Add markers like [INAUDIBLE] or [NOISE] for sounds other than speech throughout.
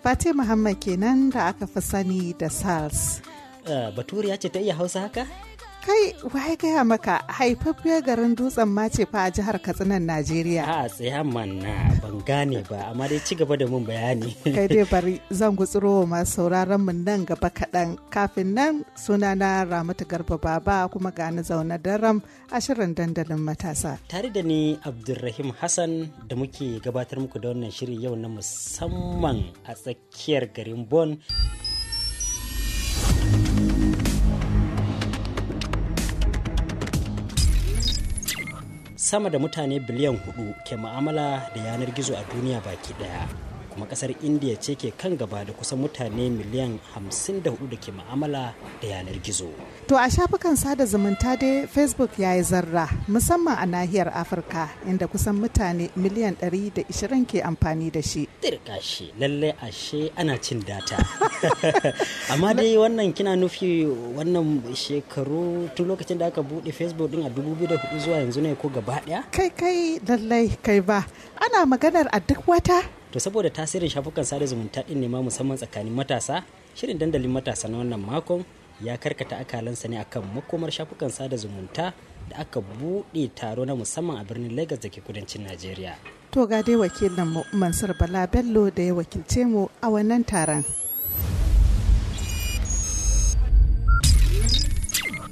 Fati Muhammad kenan da aka fi sani da SARS. Uh, eh, Baturiya ce ta iya hausa haka? Kai wai gaya maka haifaffiyar garin dutsen mace fa a jihar Katsinan Najeriya. A ah, tsaya manna ban gane ba amma dai ci gaba da mun bayani. [LAUGHS] Kai dai bari zan gutsuro wa masu sauraron mu nan gaba kaɗan kafin nan suna na Ramatu Garba Baba kuma gani zaune daram a shirin dandalin matasa. Tare da ni Abdulrahim Hassan da muke gabatar muku da wannan shiri yau na musamman a tsakiyar garin Bon. sama da mutane biliyan hudu ke ma'amala da yanar gizo a duniya baki daya kuma kasar india ce ke kan gaba da kusan mutane miliyan 54 da ke ma'amala da yanar gizo to a shafukan sada zumunta dai facebook ya yi zarra musamman a nahiyar afirka inda kusan mutane miliyan 120 ke amfani da shi dirka shi lalle ashe ana cin data [LAUGHS] amma dai wannan kina nufi wannan shekaru tun lokacin da aka buɗe facebook din a 2004 zuwa yanzu ne ko gaba daya kai kai lallai kai ba ana maganar a duk wata to saboda tasirin shafukan sada zumunta din ne ma musamman tsakanin matasa shirin dandalin matasa na wannan makon ya karkata akalansa ne akan makomar shafukan sada zumunta da aka buɗe taro na musamman a birnin Lagos da ke kudancin Najeriya. To ga dai wakilin Mansur Bala Bello da ya wakilce mu a wannan taron.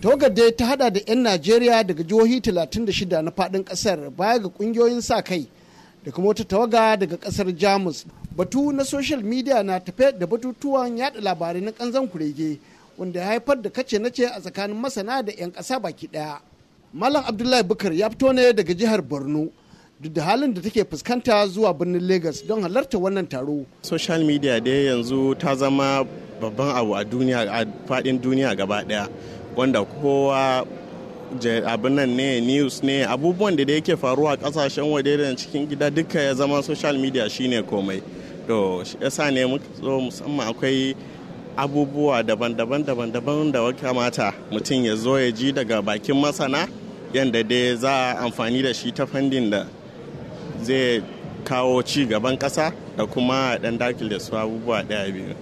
Togar dai ta hada da 'yan Najeriya daga jihohi 36 na fadin kasar baya ga kungiyoyin sa kai da kuma wata tawaga daga kasar jamus batu na social media na tafe da batutuwan yada labarai na kanzan kurege wanda ya haifar da kace nace a tsakanin masana da 'yan ƙasa baki ɗaya malam abdullahi bukar ya fito ne daga jihar borno duk da halin da take fuskanta zuwa birnin lagos don halarta wannan taro social media dai yanzu ta zama babban abu a duniya a faɗin duniya gaba daya wanda kowa abin nan ne news ne abubuwan da yake faruwa kasashen waje da cikin gida duka ya zama social media shine komai to yasa ne muka musamman akwai abubuwa daban-daban daban-daban da kamata mutum ya zo ya ji daga bakin masana yadda dai za a amfani da shi ta fandin da zai kawo ci gaban ƙasa da kuma dan dakil da su abubuwa ɗaya biyu.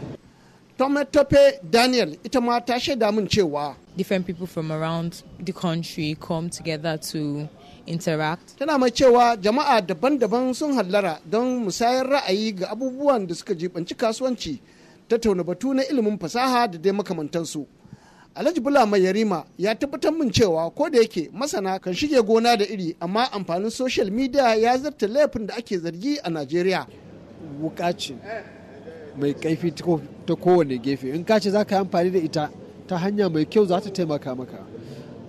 Tom Tope Daniel ita ma ta shaida min cewa different people from around the country come together to interact. Tana mai cewa jama'a daban-daban sun hallara don musayar ra'ayi ga abubuwan da suka jibanci kasuwanci, tattauna batu na ilimin fasaha da dai makamantansu. Alhaji Bula mai yarima ya tabbatar min cewa ko da yake masana kan shige gona da iri amma amfanin social media ya zarta laifin da ake zargi a Najeriya. Wukaci mai kaifi ta kowane gefe in kace za ka yi amfani da ita ta hanya mai kyau za ta taimaka maka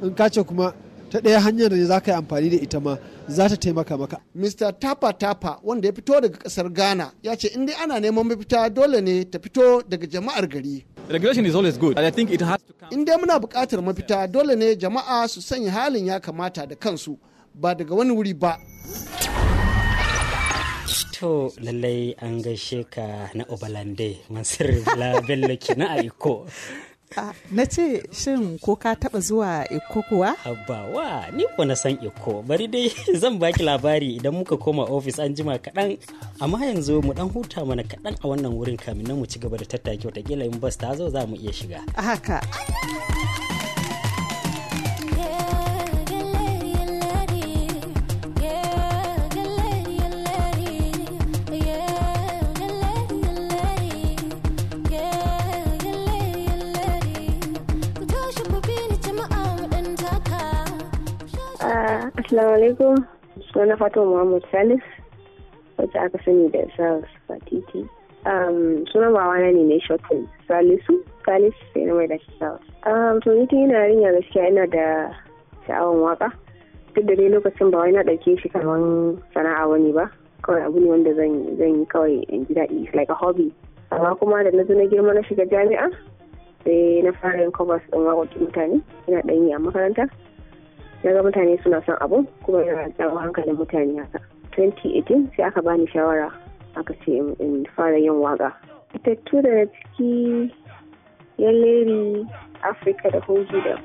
in ka ce kuma ta ɗaya hanyar da za ka yi amfani da ita ma za ta taimaka maka. Mr. Tapa Tapa wanda ya fito daga kasar Ghana ya ce in dai ana neman mafita dole ne ta fito daga jama'ar gari. Regulation is always good I think it has to come. In dai muna buƙatar mafita dole ne jama'a su sanya halin ya kamata da kansu ba daga wani wuri ba. To lallai an gaishe ka na Obalande Mansur Bello na Aiko. Ah, na ce shin ko ka taba zuwa ikko kuwa? wa ni ko na san ikko bari dai [LAUGHS] zan baki labari idan muka koma ofis an jima kaɗan amma yanzu mu dan huta mana kaɗan a wannan wurin kamin nan mu ci gaba da tattaki watakila in bas ta zo za mu iya shiga. A haka. Assalamu alaikum. Suna Fatima Muhammad Salif, wacce aka sani da um, Salis Fatiti. Suna wani ne mai shotin Salisu. Salisu sai na mai da shi Salis. Um, to ni tun yana rinya gaskiya yana da sha'awan waka. Duk da dai lokacin ba wai na ɗauke shi kamar sana'a wani ba. Kawai abu ne wanda zan yi kawai in ji daɗi like a hobby. Amma kuma da na zo na girma na shiga jami'a sai na fara yin covers ɗin waƙoƙin mutane. Ina ɗan yi a makaranta. na ga mutane suna son abu kuma yana jawo hankalin mutane haka 2018 sai aka bani shawara aka ce in fara yin waga fitattu na ciki ya leri afirka da hoji da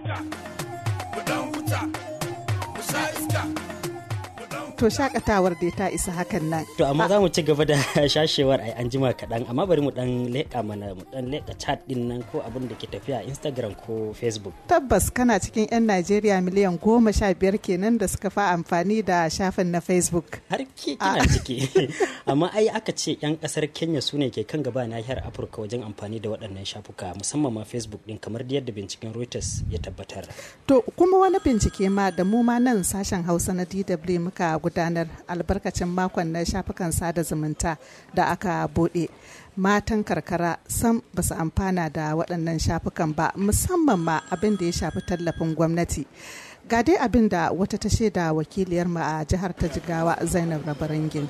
to shakatawar dai ta isa hakan nan to amma za mu ci gaba da [LAUGHS] shashewar ai an jima kaɗan amma bari mu ɗan leƙa mana mu dan leƙa chat din nan ko abin da ke tafiya instagram ko facebook tabbas kana cikin 'yan najeriya miliyan goma sha biyar kenan da suka fa amfani da shafin na facebook har ke ah. kina ciki [LAUGHS] amma ai aka ce 'yan kasar kenya su ne ke kan gaba nahiyar afirka wajen amfani da waɗannan shafuka musamman ma facebook ɗin kamar yadda binciken reuters ya tabbatar to kuma wani bincike ma da mu ma nan sashen hausa na dw muka gudanar albarkacin makon na shafukan sada zumunta da aka buɗe matan karkara sam ba su amfana da waɗannan shafukan ba musamman ma abin da ya shafi tallafin gwamnati ga dai abin da wata ta shaida wakiliyar mu a jihar ta jigawa zainab rabarangin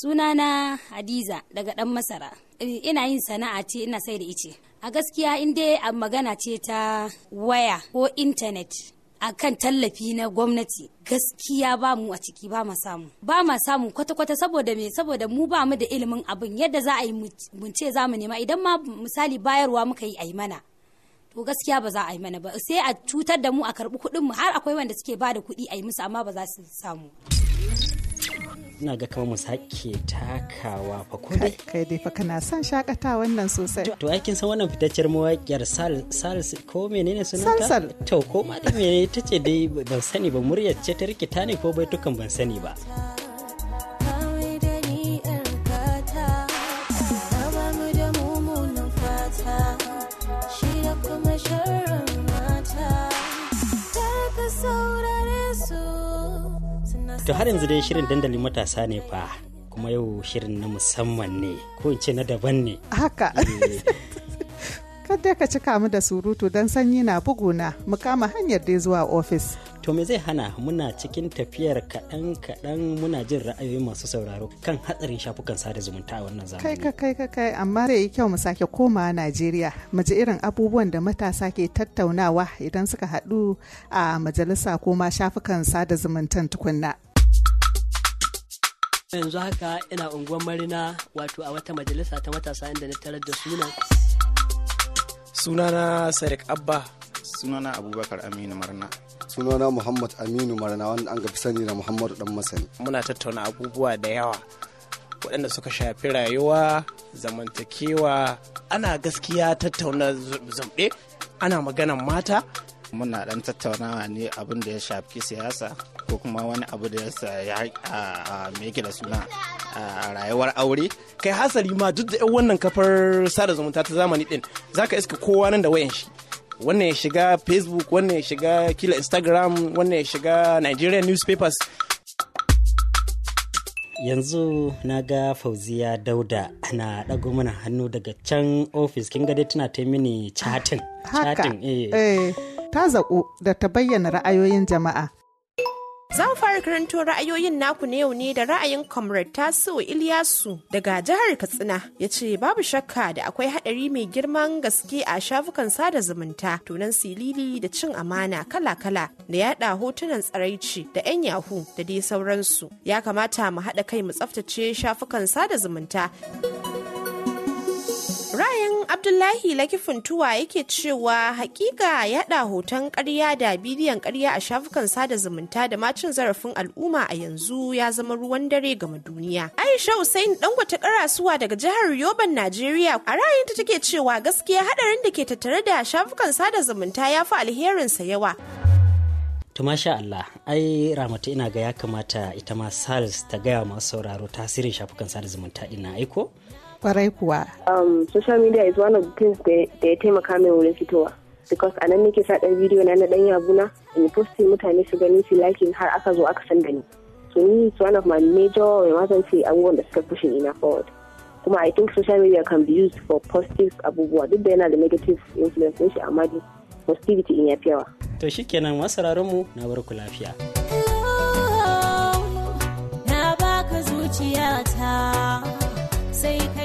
sunana hadiza daga ɗan masara ina yin sana'a ce ina sai da ice a gaskiya in dai magana ce ta waya ko intanet akan tallafi na gwamnati gaskiya ba mu a ciki ba ma samu ba ma samu kwata-kwata saboda me saboda mu ba mu da ilimin abin yadda za a yi mun ce za mu nema idan ma misali bayarwa muka yi a yi mana to gaskiya ba za a yi mana ba sai a cutar da mu a karbi kuɗin mu har akwai wanda suke ba da kuɗi a yi musu amma ba za su samu ina ga kama mu sake takawa fa ko dai kai dai fa kana son shakata wannan sosai to ai kin san wannan fitaccen mawaƙiyar sal sal ko menene sunanta sal to ko ma dai menene tace dai ban sani ba muryar ce ta rikita ne ko bai tukan ban sani ba To har yanzu dai shirin dandalin matasa ne fa kuma yau shirin na musamman ne ko in ce na daban ne. Haka. Eh. Kadda ka cika mu da surutu don sanyi na buguna mu kama hanyar dai zuwa ofis. To me zai hana muna cikin tafiyar kaɗan kaɗan muna jin ra'ayoyin masu sauraro kan hatsarin shafukan sada zumunta a wannan zamani. Kai kai kai kai amma zai yi kyau mu sake komawa Najeriya mu ji irin abubuwan da matasa ke tattaunawa idan suka haɗu a majalisa ko ma shafukan sada zumuntan tukunna. yanzu haka ina unguwar marina wato a wata majalisa ta matasa inda na tarar da sunan sunana sadiq abba sunana abubakar aminu marna sunana muhammad aminu marna wanda an gafi sani da muhammadu dan masani muna tattauna abubuwa da yawa waɗanda suka shafi rayuwa zamantakewa ana gaskiya tattauna zumbe ana maganan mata muna dan tattaunawa ne abin da ya shafi siyasa ko kuma wani abu da ya me yake da suna rayuwar aure kai hasali ma duk da wannan kafar sada zumunta ta zamani din zaka iska kowa nan da wayan shi wannan ya shiga facebook wannan ya shiga kila instagram wannan ya shiga nigerian newspapers yanzu na ga fauziya dauda na ɗago mana hannu daga can ofis kin gade tana ta mini chatin eh, eh. ta zaɓo da ta bayyana ra'ayoyin jama'a. Za fara karanto ra'ayoyin naku na yau ne da ra'ayin Comrade Tasiu Ilyasu daga jihar Katsina ya ce babu shakka da akwai haɗari mai girman gaske a shafukan sada zumunta tunan silili da cin amana kala-kala da yaɗa hotunan tsaraici da 'yan yahu da dai sauransu. Ya kamata mu haɗa kai mu tsaftace shafukan sada zumunta. Ra'ayin Abdullahi Lakifin yake cewa hakika yada hoton ƙarya da bidiyon ƙarya a shafukan sada zumunta da macin zarafin al'umma a yanzu ya zama ruwan dare game duniya. Aisha Hussein gwata Karasuwa daga jihar Yoban, Najeriya a ra'ayin ra'ayinta take cewa gaskiya hadarin da ke tattare da shafukan sada zumunta ya fi alherinsa yawa. To masha Allah, ai Ramatu ina ga ya kamata ita ma sales ta gaya masu sauraro tasirin shafukan sada zumunta ina aiko? Kwarai kuwa. Um, social media is one of the things da ya taimaka min wurin fitowa. Because a nan nake sa ɗan bidiyo na na ɗan yabuna, in posting mutane su gani su liking har aka zo aka san da ni. So ni is one of my major, mai mazan ce abubuwan da suka pushe ina forward. Kuma I think social media can be used for positive abubuwa duk da yana da negative influence shi amma dai positivity in ya fi yawa. To shikenan mu na barku lafiya. Oh, zuciyata sai kai